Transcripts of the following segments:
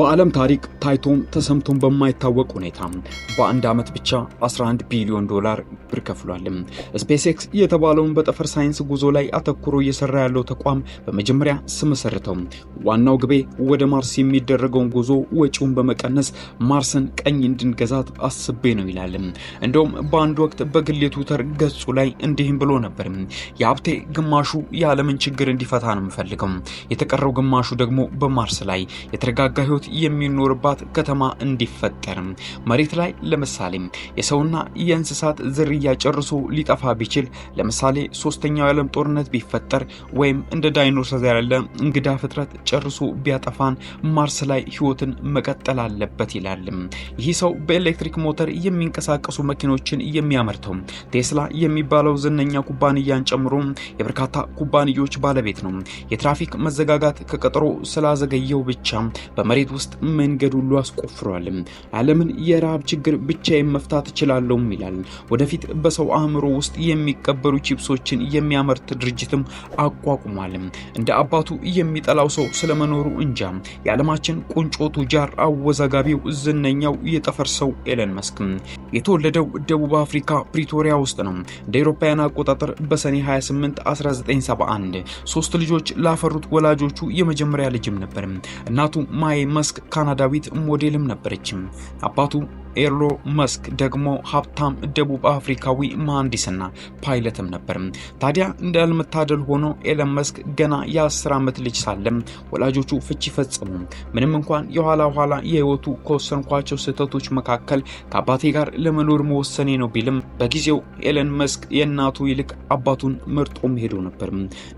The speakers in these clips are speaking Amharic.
በዓለም ታሪክ ታይቶም ተሰምቶም በማይታወቅ ሁኔታ በአንድ ዓመት ብቻ 11 ቢሊዮን ዶላር ብር ከፍሏል። ስፔስ ኤክስ የተባለውን በጠፈር ሳይንስ ጉዞ ላይ አተኩሮ እየሰራ ያለው ተቋም በመጀመሪያ ስመሰርተው ዋናው ግቤ ወደ ማርስ የሚደረገውን ጉዞ ወጪውን በመቀነስ ማርስን ቀኝ እንድንገዛት አስቤ ነው ይላል። እንደውም በአንድ ወቅት በግል የትዊተር ገጹ ላይ እንዲህም ብሎ ነበር፣ የሀብቴ ግማሹ የዓለምን ችግር እንዲፈታ ነው የምፈልገው፣ የተቀረው ግማሹ ደግሞ በማርስ ላይ የተረጋጋ ህይወት የሚኖርባት ከተማ እንዲፈጠርም መሬት ላይ ለምሳሌ የሰውና የእንስሳት ዝርያ ጨርሶ ሊጠፋ ቢችል ለምሳሌ ሶስተኛው የዓለም ጦርነት ቢፈጠር ወይም እንደ ዳይኖሰር ያለ እንግዳ ፍጥረት ጨርሶ ቢያጠፋን ማርስ ላይ ህይወትን መቀጠል አለበት ይላልም። ይህ ሰው በኤሌክትሪክ ሞተር የሚንቀሳቀሱ መኪኖችን የሚያመርተው ቴስላ የሚባለው ዝነኛ ኩባንያን ጨምሮ የበርካታ ኩባንያዎች ባለቤት ነው። የትራፊክ መዘጋጋት ከቀጠሮ ስላዘገየው ብቻ በመሬት ውስጥ መንገድ ሁሉ አስቆፍሯል። ዓለምን የረሃብ ችግር ብቻዬን መፍታት እችላለሁም ይላል። ወደፊት በሰው አእምሮ ውስጥ የሚቀበሩ ቺፕሶችን የሚያመርት ድርጅትም አቋቁሟል። እንደ አባቱ የሚጠላው ሰው ስለመኖሩ እንጃ። የዓለማችን ቁንጮ ቱጃር፣ አወዛጋቢው፣ ዝነኛው የጠፈር ሰው ኤለን መስክ የተወለደው ደቡብ አፍሪካ ፕሪቶሪያ ውስጥ ነው። እንደ አውሮፓውያን አቆጣጠር በሰኔ 28 1971 ሶስት ልጆች ላፈሩት ወላጆቹ የመጀመሪያ ልጅም ነበር። እናቱ ማይ መስክ ካናዳዊት ሞዴልም ነበረችም። አባቱ ኤርሎ መስክ ደግሞ ሀብታም ደቡብ አፍሪካዊ መሐንዲስና ፓይለትም ነበር። ታዲያ እንዳልመታደል ሆኖ ኤለን መስክ ገና የአስር ዓመት ልጅ ሳለም ወላጆቹ ፍቺ ፈጸሙ። ምንም እንኳን የኋላ ኋላ የህይወቱ ከወሰንኳቸው ስህተቶች መካከል ከአባቴ ጋር ለመኖር መወሰኔ ነው ቢልም በጊዜው ኤለን መስክ የእናቱ ይልቅ አባቱን መርጦም ሄዶ ነበር።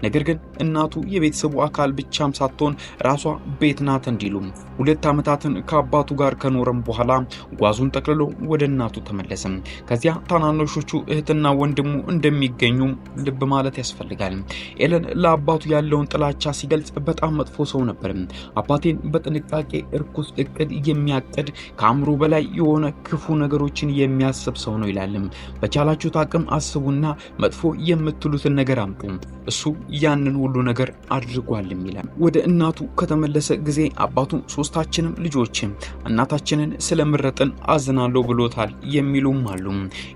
ነገር ግን እናቱ የቤተሰቡ አካል ብቻም ሳትሆን ራሷ ቤት ናት እንዲሉ ሁለት ዓመታትን ከአባቱ ጋር ከኖረም በኋላ ጓዙ ጋዙን ጠቅልሎ ወደ እናቱ ተመለሰም። ከዚያ ታናናሾቹ እህትና ወንድሙ እንደሚገኙ ልብ ማለት ያስፈልጋል። ኤለን ለአባቱ ያለውን ጥላቻ ሲገልጽ በጣም መጥፎ ሰው ነበር። አባቴን በጥንቃቄ እርኩስ እቅድ የሚያቅድ ከአእምሮ በላይ የሆነ ክፉ ነገሮችን የሚያስብ ሰው ነው ይላል። በቻላችሁት አቅም አስቡና መጥፎ የምትሉትን ነገር አምጡ፣ እሱ ያንን ሁሉ ነገር አድርጓልም ይላል። ወደ እናቱ ከተመለሰ ጊዜ አባቱ ሶስታችንም ልጆች እናታችንን ስለምረጥን አዝናለሁ ብሎታል የሚሉም አሉ።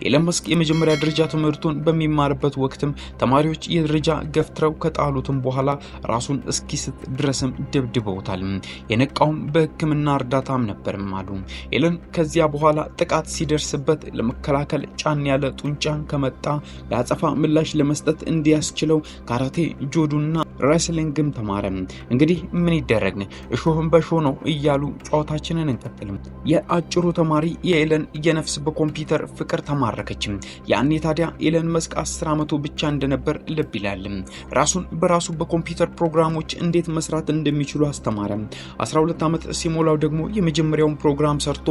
ኤለን መስክ የመጀመሪያ ደረጃ ትምህርቱን በሚማርበት ወቅትም ተማሪዎች የደረጃ ገፍትረው ከጣሉትም በኋላ ራሱን እስኪስት ድረስም ደብድበውታል። የነቃውም በሕክምና እርዳታም ነበርም አሉ። ኤለን ከዚያ በኋላ ጥቃት ሲደርስበት ለመከላከል ጫን ያለ ጡንቻን ከመጣ ለአጸፋ ምላሽ ለመስጠት እንዲያስችለው ካራቴ፣ ጆዱና ሬስሊንግም ተማረ። እንግዲህ ምን ይደረግ እሾህን በሾ ነው እያሉ ጨዋታችንን እንቀጥልም። የአጭሩ ተማሪ በተጨማሪ የኤለን የነፍስ በኮምፒውተር ፍቅር ተማረከችም። ያኔ ታዲያ ኤለን መስክ 10 ዓመቱ ብቻ እንደነበር ልብ ይላል። ራሱን በራሱ በኮምፒውተር ፕሮግራሞች እንዴት መስራት እንደሚችሉ አስተማረ። 12 ዓመት ሲሞላው ደግሞ የመጀመሪያውን ፕሮግራም ሰርቶ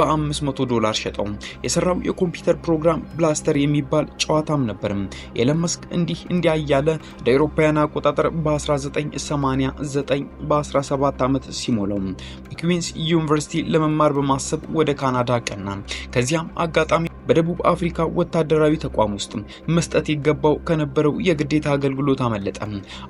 በ500 ዶላር ሸጠው። የሰራው የኮምፒውተር ፕሮግራም ብላስተር የሚባል ጨዋታም ነበር። ኤለን መስክ እንዲህ እንዲያ እያለ እንደ አውሮፓውያን አቆጣጠር በ1989 በ17 ዓመት ሲሞላው በኩዊንስ ዩኒቨርሲቲ ለመማር በማሰብ ወደ ካና ካናዳ ቀና። ከዚያም አጋጣሚ በደቡብ አፍሪካ ወታደራዊ ተቋም ውስጥ መስጠት ይገባው ከነበረው የግዴታ አገልግሎት አመለጠ።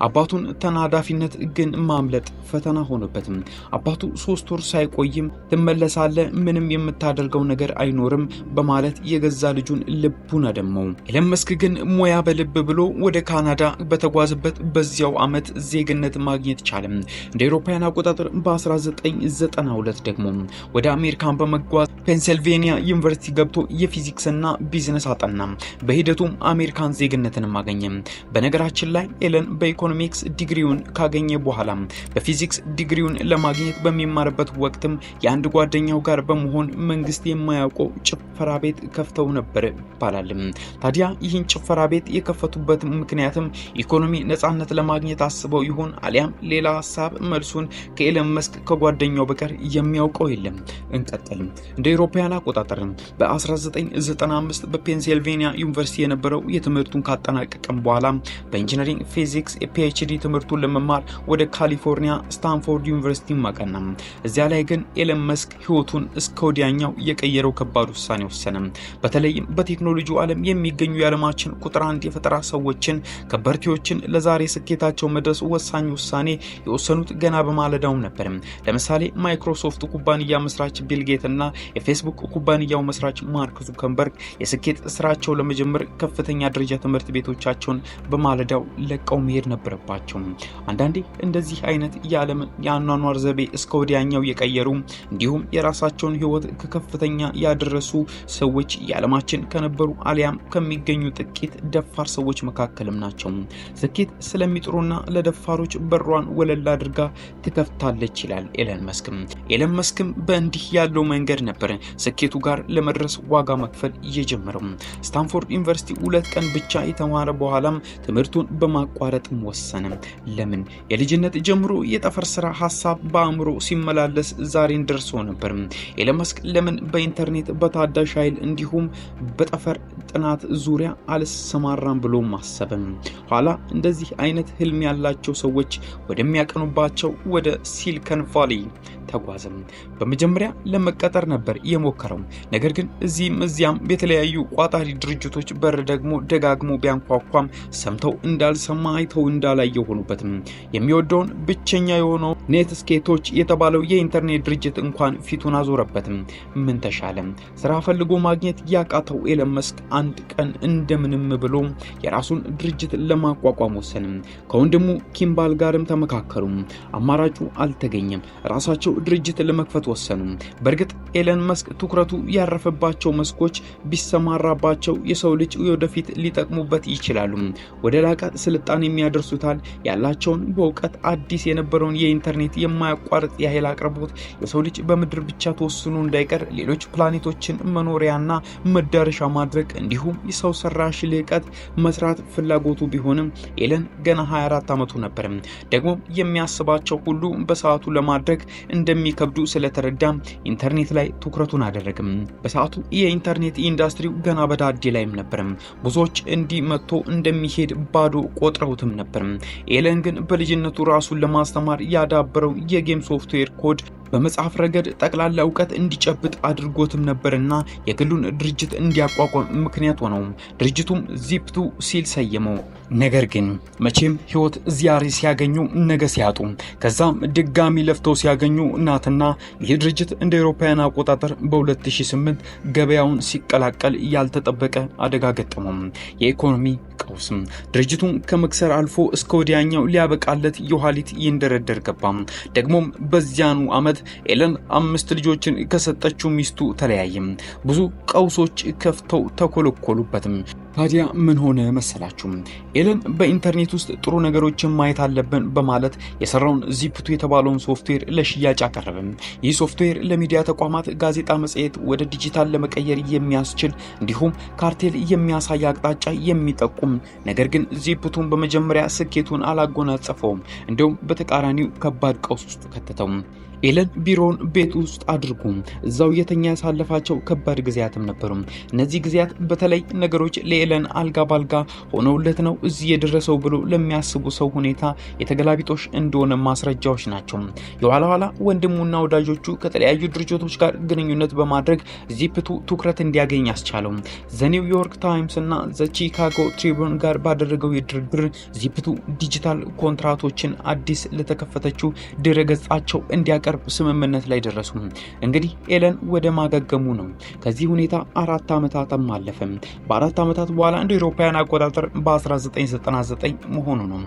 አባቱን ተናዳፊነት ግን ማምለጥ ፈተና ሆነበትም። አባቱ ሶስት ወር ሳይቆይም ትመለሳለ፣ ምንም የምታደርገው ነገር አይኖርም በማለት የገዛ ልጁን ልቡን አደመው። ኤለን መስክ ግን ሙያ በልብ ብሎ ወደ ካናዳ በተጓዝበት በዚያው ዓመት ዜግነት ማግኘት ቻለም። እንደ አውሮፓውያን አቆጣጠር በ1992 ደግሞ ወደ አሜሪካን በመጓዝ ፔንሲልቬኒያ ዩኒቨርሲቲ ገብቶ የፊዚ ፊዚክስና ቢዝነስ አጠናም። በሂደቱም አሜሪካን ዜግነትንም አገኘ። በነገራችን ላይ ኤለን በኢኮኖሚክስ ዲግሪውን ካገኘ በኋላ በፊዚክስ ዲግሪውን ለማግኘት በሚማርበት ወቅትም የአንድ ጓደኛው ጋር በመሆን መንግስት የማያውቀው ጭፈራ ቤት ከፍተው ነበር ይባላል። ታዲያ ይህን ጭፈራ ቤት የከፈቱበት ምክንያትም ኢኮኖሚ ነጻነት ለማግኘት አስበው ይሆን አሊያም ሌላ ሀሳብ? መልሱን ከኤለን መስክ ከጓደኛው በቀር የሚያውቀው የለም። እንቀጥልም። እንደ አውሮፓውያን አቆጣጠር በ19 95 በፔንሲልቬኒያ ዩኒቨርሲቲ የነበረው የትምህርቱን ካጠናቀቀም በኋላ በኢንጂነሪንግ ፊዚክስ የፒኤችዲ ትምህርቱን ለመማር ወደ ካሊፎርኒያ ስታንፎርድ ዩኒቨርሲቲ ማቀና። እዚያ ላይ ግን ኤለን መስክ ህይወቱን እስከ ወዲያኛው የቀየረው ከባድ ውሳኔ ወሰነ። በተለይም በቴክኖሎጂ ዓለም የሚገኙ የዓለማችን ቁጥር አንድ የፈጠራ ሰዎችን ከበርቴዎችን ለዛሬ ስኬታቸው መድረስ ወሳኝ ውሳኔ የወሰኑት ገና በማለዳው ነበር። ለምሳሌ ማይክሮሶፍት ኩባንያ መስራች ቢልጌት እና የፌስቡክ ኩባንያው መስራች ማርክ ዙከንበርግ የስኬት ስራቸው ለመጀመር ከፍተኛ ደረጃ ትምህርት ቤቶቻቸውን በማለዳው ለቀው መሄድ ነበረባቸው። አንዳንዴ እንደዚህ አይነት የዓለም የአኗኗር ዘቤ እስከ ወዲያኛው የቀየሩ እንዲሁም የራሳቸውን ህይወት ከከፍተኛ ያደረሱ ሰዎች የዓለማችን ከነበሩ አሊያም ከሚገኙ ጥቂት ደፋር ሰዎች መካከልም ናቸው። ስኬት ስለሚጥሩና ለደፋሮች በሯን ወለል አድርጋ ትከፍታለች ይላል ኤለን መስክም። ኤለን መስክም በእንዲህ ያለው መንገድ ነበር ስኬቱ ጋር ለመድረስ ዋጋ መክፈል የጀመረው። ስታንፎርድ ዩኒቨርሲቲ ሁለት ቀን ብቻ የተማረ በኋላም ትምህርቱን በማቋረጥ ወሰነ። ለምን? የልጅነት ጀምሮ የጠፈር ስራ ሀሳብ በአእምሮ ሲመላለስ ዛሬን ደርሶ ነበር። ኤለን መስክ ለምን በኢንተርኔት በታዳሽ ኃይል እንዲሁም በጠፈር ጥናት ዙሪያ አልሰማራም ብሎ ማሰብም። ኋላ እንደዚህ አይነት ህልም ያላቸው ሰዎች ወደሚያቀኑባቸው ወደ ሲልከን ቫሊ ተጓዘም። በመጀመሪያ ለመቀጠር ነበር የሞከረው። ነገር ግን እዚህም እዚህ ከዚያም በተለያዩ ቋጣሪ ድርጅቶች በር ደግሞ ደጋግሞ ቢያንኳኳም ሰምተው እንዳልሰማ አይተው እንዳላየ የሆኑበትም የሚወደውን ብቸኛ የሆነው ኔት ስኬቶች የተባለው የኢንተርኔት ድርጅት እንኳን ፊቱን አዞረበትም። ምን ተሻለ? ስራ ፈልጎ ማግኘት ያቃተው ኤለን መስክ አንድ ቀን እንደምንም ብሎ የራሱን ድርጅት ለማቋቋም ወሰንም። ከወንድሙ ኪምባል ጋርም ተመካከሩ። አማራጩ አልተገኘም። ራሳቸው ድርጅት ለመክፈት ወሰኑ። በእርግጥ ኤለን መስክ ትኩረቱ ያረፈባቸው መስኮች ክህሎቶች ቢሰማራባቸው የሰው ልጅ ወደፊት ሊጠቅሙበት ይችላሉ። ወደ ላቀ ስልጣን የሚያደርሱታል። ያላቸውን በእውቀት አዲስ የነበረውን የኢንተርኔት የማያቋርጥ የኃይል አቅርቦት የሰው ልጅ በምድር ብቻ ተወስኖ እንዳይቀር ሌሎች ፕላኔቶችን መኖሪያና መዳረሻ ማድረግ እንዲሁም የሰው ሰራሽ ልቀት መስራት ፍላጎቱ ቢሆንም ኤለን ገና 24 ዓመቱ ነበር። ደግሞ የሚያስባቸው ሁሉ በሰዓቱ ለማድረግ እንደሚከብዱ ስለተረዳ ኢንተርኔት ላይ ትኩረቱን አደረግም። በሰዓቱ የኢንተርኔት የኢንተርኔት ኢንዱስትሪው ገና በዳዴ ላይም ነበርም። ብዙዎች እንዲህ መጥቶ እንደሚሄድ ባዶ ቆጥረውትም ነበር። ኤለን ግን በልጅነቱ ራሱን ለማስተማር ያዳበረው የጌም ሶፍትዌር ኮድ በመጽሐፍ ረገድ ጠቅላላ እውቀት እንዲጨብጥ አድርጎትም ነበርና የግሉን ድርጅት እንዲያቋቋም ምክንያት ሆነው ድርጅቱም ዚፕቱ ሲል ሰየመው። ነገር ግን መቼም ህይወት ዚያሬ ሲያገኙ ነገ ሲያጡ፣ ከዛም ድጋሚ ለፍተው ሲያገኙ ናትና ይህ ድርጅት እንደ አውሮፓውያን አቆጣጠር በ2008 ገበያውን ሲቀላቀል ያልተጠበቀ አደጋ ገጠመው። የኢኮኖሚ ቀውስ ድርጅቱን ከመክሰር አልፎ እስከ ወዲያኛው ሊያበቃለት የኋሊት ይንደረደር ገባ። ደግሞም በዚያኑ ዓመት ኤለን አምስት ልጆችን ከሰጠችው ሚስቱ ተለያየ። ብዙ ቀውሶች ከፍተው ተኮለኮሉበትም። ታዲያ ምን ሆነ መሰላችሁ? ኤለን በኢንተርኔት ውስጥ ጥሩ ነገሮችን ማየት አለብን በማለት የሰራውን ዚፕቱ የተባለውን ሶፍትዌር ለሽያጭ አቀረበ። ይህ ሶፍትዌር ለሚዲያ ተቋማት፣ ጋዜጣ፣ መጽሔት ወደ ዲጂታል ለመቀየር የሚያስችል እንዲሁም ካርቴል የሚያሳይ አቅጣጫ የሚጠቁም ነገር ግን ዚፑቱን በመጀመሪያ ስኬቱን አላጎናጸፈውም፣ እንዲሁም በተቃራኒው ከባድ ቀውስ ውስጥ ከተተው። ኤለን ቢሮውን ቤት ውስጥ አድርጉ እዛው የተኛ ያሳለፋቸው ከባድ ጊዜያትም ነበሩ። እነዚህ ጊዜያት በተለይ ነገሮች ለኤለን አልጋ ባልጋ ሆነውለት ነው እዚህ የደረሰው ብሎ ለሚያስቡ ሰው ሁኔታ የተገላቢጦሽ እንደሆነ ማስረጃዎች ናቸው። የኋላ ኋላ ወንድሙና ወዳጆቹ ከተለያዩ ድርጅቶች ጋር ግንኙነት በማድረግ እዚህ ፍቱ ትኩረት እንዲያገኝ አስቻለው። ኒውዮርክ ታይምስ እና ቺካጎ ትሪቡን ጋር ባደረገው የድርድር ዚፕቱ ዲጂታል ኮንትራቶችን አዲስ ለተከፈተችው ድረገጻቸው ገጻቸው እንዲያቀ በቅርብ ስምምነት ላይ ደረሱ። እንግዲህ ኤለን ወደ ማገገሙ ነው። ከዚህ ሁኔታ አራት ዓመታትም አለፈ። በአራት ዓመታት በኋላ እንደ አውሮፓውያን አቆጣጠር በ1999 መሆኑ ነው።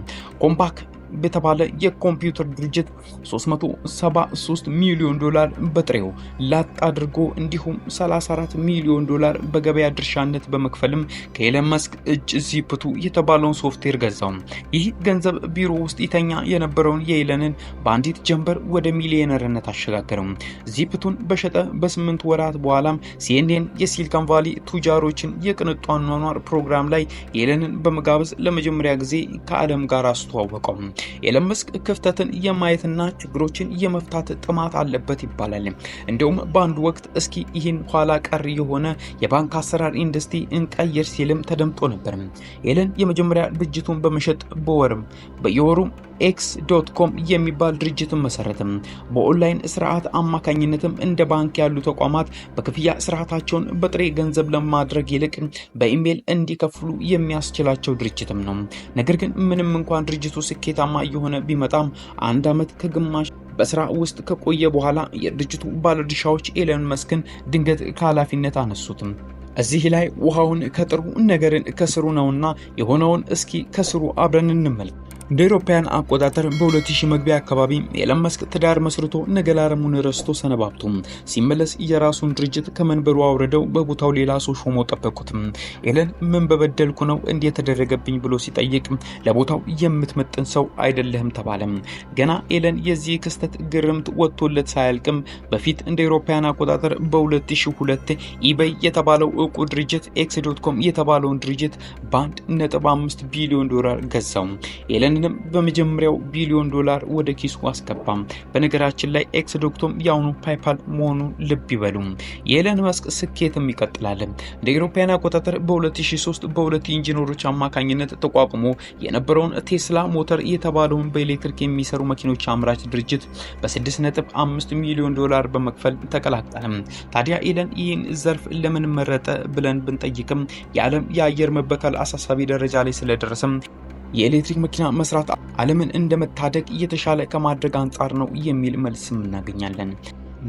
ኮምፓክ በተባለ የኮምፒውተር ድርጅት 373 ሚሊዮን ዶላር በጥሬው ላጥ አድርጎ እንዲሁም 34 ሚሊዮን ዶላር በገበያ ድርሻነት በመክፈልም ከኤለን መስክ እጅ ዚፕቱ የተባለውን ሶፍትዌር ገዛው። ይህ ገንዘብ ቢሮ ውስጥ ይተኛ የነበረውን የኤለንን በአንዲት ጀንበር ወደ ሚሊዮነርነት አሸጋገረው። ዚፕቱን በሸጠ በስምንት ወራት በኋላም ሲኤንኤን የሲሊካን ቫሊ ቱጃሮችን የቅንጡ አኗኗር ፕሮግራም ላይ ኤለንን በመጋበዝ ለመጀመሪያ ጊዜ ከዓለም ጋር አስተዋወቀው። ኤለን መስክ ክፍተትን የማየትና ችግሮችን የመፍታት ጥማት አለበት ይባላል። እንዲሁም በአንድ ወቅት እስኪ ይህን ኋላ ቀር የሆነ የባንክ አሰራር ኢንዱስትሪ እንቀይር ሲልም ተደምጦ ነበር። ኤለን የመጀመሪያ ድርጅቱን በመሸጥ በወርም በየወሩም ኤክስ ዶት ኮም የሚባል ድርጅትን መሰረትም። በኦንላይን ስርዓት አማካኝነትም እንደ ባንክ ያሉ ተቋማት በክፍያ ስርዓታቸውን በጥሬ ገንዘብ ለማድረግ ይልቅ በኢሜይል እንዲከፍሉ የሚያስችላቸው ድርጅትም ነው። ነገር ግን ምንም እንኳን ድርጅቱ ስኬታማ ውጤታማ እየሆነ ቢመጣም አንድ ዓመት ከግማሽ በስራ ውስጥ ከቆየ በኋላ የድርጅቱ ባለድርሻዎች ኤለን መስክን ድንገት ከኃላፊነት አነሱትም። እዚህ ላይ ውሃውን ከጥሩ ነገርን ከስሩ ነውና የሆነውን እስኪ ከስሩ አብረን እንመልከት። እንደ ኢሮፓያን አቆጣጠር በ2000 መግቢያ አካባቢ ኤለን መስክ ትዳር መስርቶ ነገ ረስቶ ሰነባብቶ ሲመለስ የራሱን ድርጅት ከመንበሩ አውርደው በቦታው ሌላ ሰው ሾሞ ጠበቁት። ኤለን ምን በበደልኩ ነው እንዲህ ተደረገብኝ ብሎ ሲጠይቅ ለቦታው የምትመጥን ሰው አይደለህም ተባለ። ገና ኤለን የዚህ ክስተት ግርምት ወጥቶለት ሳያልቅም በፊት እንደ ኢሮፓያን አቆጣጠር በ2002 ኢበይ የተባለው እቁ ድርጅት ኤክስ ዶት ኮም የተባለውን ድርጅት በአንድ ነጥብ ቢሊዮን ዶላር ገዛው። ኤለን ይህንም በመጀመሪያው ቢሊዮን ዶላር ወደ ኪሱ አስገባም። በነገራችን ላይ ኤክስ ዶክቶም የአሁኑ ፓይፓል መሆኑን ልብ ይበሉ። የኤለን መስክ ስኬትም ይቀጥላል። እንደ አውሮፓውያን አቆጣጠር በ2003 በሁለት ኢንጂነሮች አማካኝነት ተቋቁሞ የነበረውን ቴስላ ሞተር የተባለውን በኤሌክትሪክ የሚሰሩ መኪኖች አምራች ድርጅት በ6.5 ሚሊዮን ዶላር በመክፈል ተቀላቀለ። ታዲያ ኤለን ይህን ዘርፍ ለምን መረጠ ብለን ብንጠይቅም የዓለም የአየር መበከል አሳሳቢ ደረጃ ላይ ስለደረሰም የኤሌክትሪክ መኪና መስራት ዓለምን እንደመታደግ እየተሻለ ከማድረግ አንጻር ነው የሚል መልስም እናገኛለን።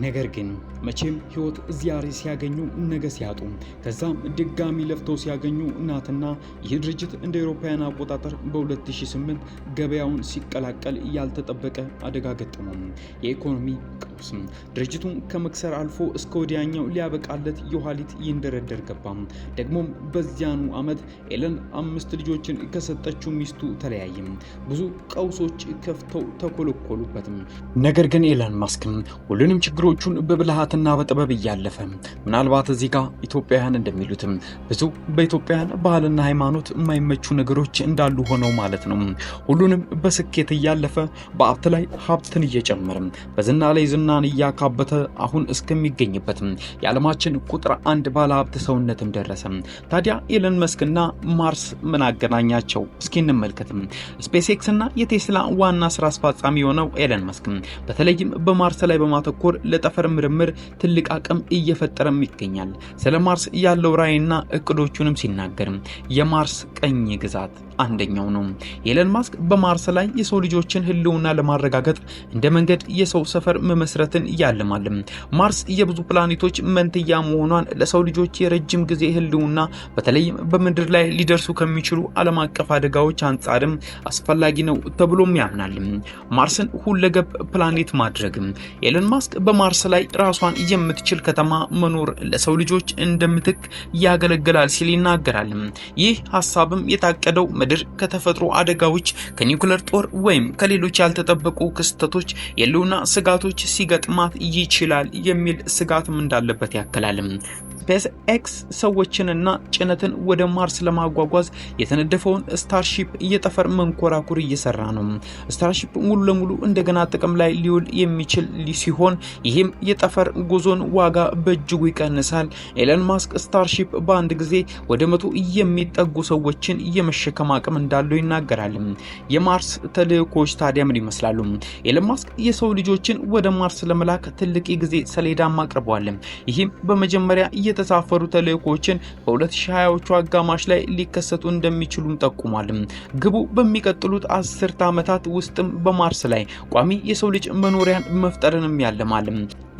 ነገር ግን መቼም ህይወት ዚያሬ ሲያገኙ ነገ ሲያጡ ከዛም ድጋሚ ለፍተው ሲያገኙ እናትና ይህ ድርጅት እንደ አውሮፓውያን አቆጣጠር በ2008 ገበያውን ሲቀላቀል ያልተጠበቀ አደጋ ገጠመው። የኢኮኖሚ ቀውስ ድርጅቱን ከመክሰር አልፎ እስከ ወዲያኛው ሊያበቃለት የኋሊት ይንደረደር ገባ። ደግሞም በዚያኑ ዓመት ኤለን አምስት ልጆችን ከሰጠችው ሚስቱ ተለያየም ብዙ ቀውሶች ከፍተው ተኮለኮሉበትም። ነገር ግን ኤለን ማስክም ሁሉንም ችግ ችግሮቹን በብልሃትና በጥበብ እያለፈ ምናልባት እዚህ ጋር ኢትዮጵያውያን እንደሚሉትም ብዙ በኢትዮጵያውያን ባህልና ሃይማኖት የማይመቹ ነገሮች እንዳሉ ሆነው ማለት ነው። ሁሉንም በስኬት እያለፈ በሀብት ላይ ሀብትን እየጨመረ በዝና ላይ ዝናን እያካበተ አሁን እስከሚገኝበት የዓለማችን ቁጥር አንድ ባለ ሀብት ሰውነትም ደረሰ። ታዲያ ኤለን መስክና ማርስ ምን አገናኛቸው? እስኪ እንመልከት። ስፔስ ኤክስ እና የቴስላ ዋና ስራ አስፈጻሚ የሆነው ኤለን መስክ በተለይም በማርስ ላይ በማተኮር ለጠፈር ምርምር ትልቅ አቅም እየፈጠረም ይገኛል። ስለ ማርስ ያለው ራዕይና እቅዶቹንም ሲናገርም የማርስ ቀኝ ግዛት አንደኛው ነው። ኤለን ማስክ በማርስ ላይ የሰው ልጆችን ህልውና ለማረጋገጥ እንደ መንገድ የሰው ሰፈር መመስረትን ያልማል። ማርስ የብዙ ፕላኔቶች መንትያ መሆኗን ለሰው ልጆች የረጅም ጊዜ ህልውና በተለይም በምድር ላይ ሊደርሱ ከሚችሉ ዓለም አቀፍ አደጋዎች አንጻርም አስፈላጊ ነው ተብሎም ያምናል። ማርስን ሁለገብ ፕላኔት ማድረግ ኤለን ማስክ በማ ማርስ ላይ ራሷን የምትችል ከተማ መኖር ለሰው ልጆች እንደምትክ ያገለግላል ሲል ይናገራል። ይህ ሀሳብም የታቀደው ምድር ከተፈጥሮ አደጋዎች፣ ከኒውክለር ጦር ወይም ከሌሎች ያልተጠበቁ ክስተቶች የህልውና ስጋቶች ሲገጥማት ይችላል የሚል ስጋትም እንዳለበት ያክላል። ስፔስ ኤክስ ሰዎችንና ጭነትን ወደ ማርስ ለማጓጓዝ የተነደፈውን ስታርሺፕ የጠፈር መንኮራኩር እየሰራ ነው። ስታርሺፕ ሙሉ ለሙሉ እንደገና ጥቅም ላይ ሊውል የሚችል ሲሆን ይህም የጠፈር ጉዞን ዋጋ በእጅጉ ይቀንሳል። ኤለን ማስክ ስታርሺፕ በአንድ ጊዜ ወደ መቶ የሚጠጉ ሰዎችን የመሸከም አቅም እንዳለው ይናገራል። የማርስ ተልእኮች ታዲያ ምን ይመስላሉ? ኤለን ማስክ የሰው ልጆችን ወደ ማርስ ለመላክ ትልቅ የጊዜ ሰሌዳም አቅርበዋል። ይህም በመጀመሪያ የተሳፈሩ ተልእኮችን በ2020ዎቹ አጋማሽ ላይ ሊከሰቱ እንደሚችሉም ጠቁሟል። ግቡ በሚቀጥሉት አስርተ ዓመታት ውስጥም በማርስ ላይ ቋሚ የሰው ልጅ መኖሪያን መፍጠርንም ያለማል።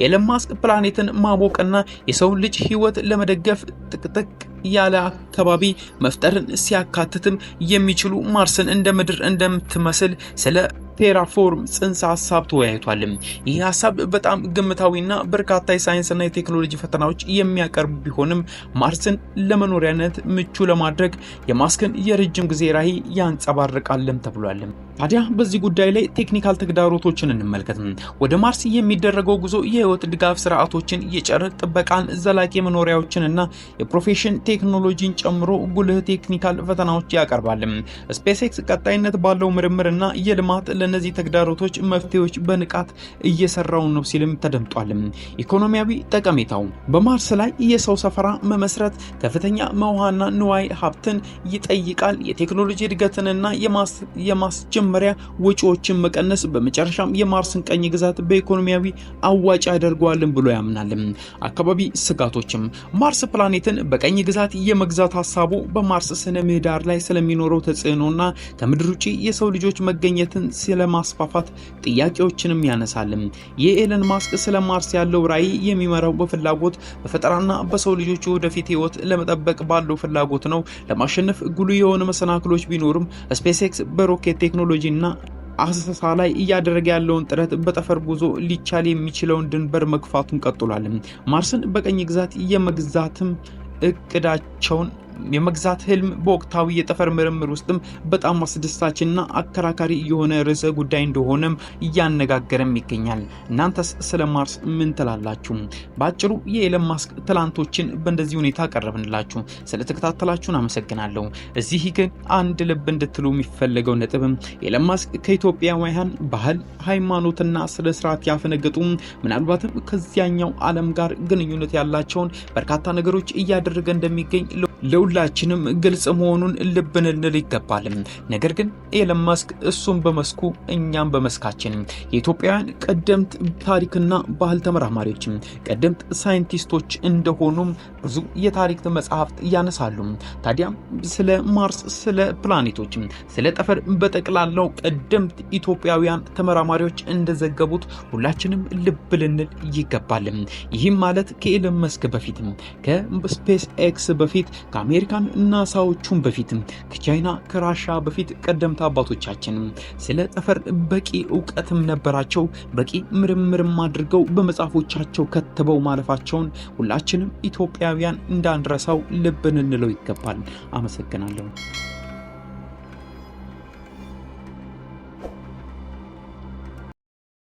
ኤለን ማስክ ፕላኔትን ማቦቅና የሰው ልጅ ህይወት ለመደገፍ ጥቅጥቅ ያለ አካባቢ መፍጠርን ሲያካትትም የሚችሉ ማርስን እንደ ምድር እንደምትመስል ስለ ቴራፎርም ጽንሰ ሀሳብ ተወያይቷልም። ይህ ሀሳብ በጣም ግምታዊና በርካታ የሳይንስና የቴክኖሎጂ ፈተናዎች የሚያቀርብ ቢሆንም ማርስን ለመኖሪያነት ምቹ ለማድረግ የማስክን የረጅም ጊዜ ራዕይ ያንጸባርቃልም ተብሏልም። ታዲያ በዚህ ጉዳይ ላይ ቴክኒካል ተግዳሮቶችን እንመልከት። ወደ ማርስ የሚደረገው ጉዞ የህይወት ድጋፍ ስርዓቶችን፣ የጨረር ጥበቃን፣ ዘላቂ መኖሪያዎችን እና የፕሮፌሽን ቴክኖሎጂን ጨምሮ ጉልህ ቴክኒካል ፈተናዎች ያቀርባል። ስፔስ ኤክስ ቀጣይነት ባለው እና የልማት ለእነዚህ ተግዳሮቶች መፍትሄዎች በንቃት እየሰራው ነው ሲልም ተደምጧል። ኢኮኖሚያዊ ጠቀሜታው በማርስ ላይ የሰው ሰፈራ መመስረት ከፍተኛ መውሃና ንዋይ ሀብትን ይጠይቃል። የቴክኖሎጂ እድገትንና የማስ መጀመሪያ ወጪዎችን መቀነስ፣ በመጨረሻም የማርስን ቀኝ ግዛት በኢኮኖሚያዊ አዋጭ ያደርገዋልን ብሎ ያምናል። አካባቢ ስጋቶችም ማርስ ፕላኔትን በቀኝ ግዛት የመግዛት ሀሳቡ በማርስ ስነ ምህዳር ላይ ስለሚኖረው ተጽዕኖና ከምድር ውጭ የሰው ልጆች መገኘትን ስለማስፋፋት ጥያቄዎችንም ያነሳል። የኤለን ማስክ ስለ ማርስ ያለው ራዕይ የሚመራው በፍላጎት በፈጠራና በሰው ልጆች ወደፊት ህይወት ለመጠበቅ ባለው ፍላጎት ነው። ለማሸነፍ ጉሉ የሆነ መሰናክሎች ቢኖሩም ስፔስ ኤክስ በሮኬት ቴክኖሎጂ እና አሰሳ ላይ እያደረገ ያለውን ጥረት በጠፈር ጉዞ ሊቻል የሚችለውን ድንበር መግፋቱን ቀጥሏል። ማርስን በቀኝ ግዛት የመግዛትም እቅዳቸውን የመግዛት ህልም በወቅታዊ የጠፈር ምርምር ውስጥም በጣም አስደሳችና አከራካሪ የሆነ ርዕሰ ጉዳይ እንደሆነም እያነጋገረም ይገኛል። እናንተስ ስለ ማርስ ምን ትላላችሁ? በአጭሩ የኤለን ማስክ ትላንቶችን በእንደዚህ ሁኔታ ቀረብንላችሁ። ስለተከታተላችሁን አመሰግናለሁ። እዚህ ግን አንድ ልብ እንድትሉ የሚፈለገው ነጥብም ኤለን ማስክ ከኢትዮጵያውያን ባህል፣ ሃይማኖትና ስነ ስርዓት ያፈነገጡ ምናልባትም ከዚያኛው ዓለም ጋር ግንኙነት ያላቸውን በርካታ ነገሮች እያደረገ እንደሚገኝ ለሁላችንም ግልጽ መሆኑን ልብ ልንል ይገባል። ነገር ግን ኤለን መስክ እሱም በመስኩ እኛም በመስካችን የኢትዮጵያውያን ቀደምት ታሪክና ባህል ተመራማሪዎች፣ ቀደምት ሳይንቲስቶች እንደሆኑ ብዙ የታሪክ መጽሐፍት ያነሳሉ። ታዲያ ስለ ማርስ፣ ስለ ፕላኔቶች፣ ስለ ጠፈር በጠቅላላው ቀደምት ኢትዮጵያውያን ተመራማሪዎች እንደዘገቡት ሁላችንም ልብ ልንል ይገባል። ይህም ማለት ከኤለን መስክ በፊት ከስፔስ ኤክስ በፊት ከአሜሪካን ናሳዎቹም በፊት ከቻይና ከራሻ በፊት ቀደምት አባቶቻችን ስለ ጠፈር በቂ እውቀትም ነበራቸው። በቂ ምርምርም አድርገው በመጽሐፎቻቸው ከትበው ማለፋቸውን ሁላችንም ኢትዮጵያውያን እንዳንረሳው ልብ እንለው ይገባል። አመሰግናለሁ።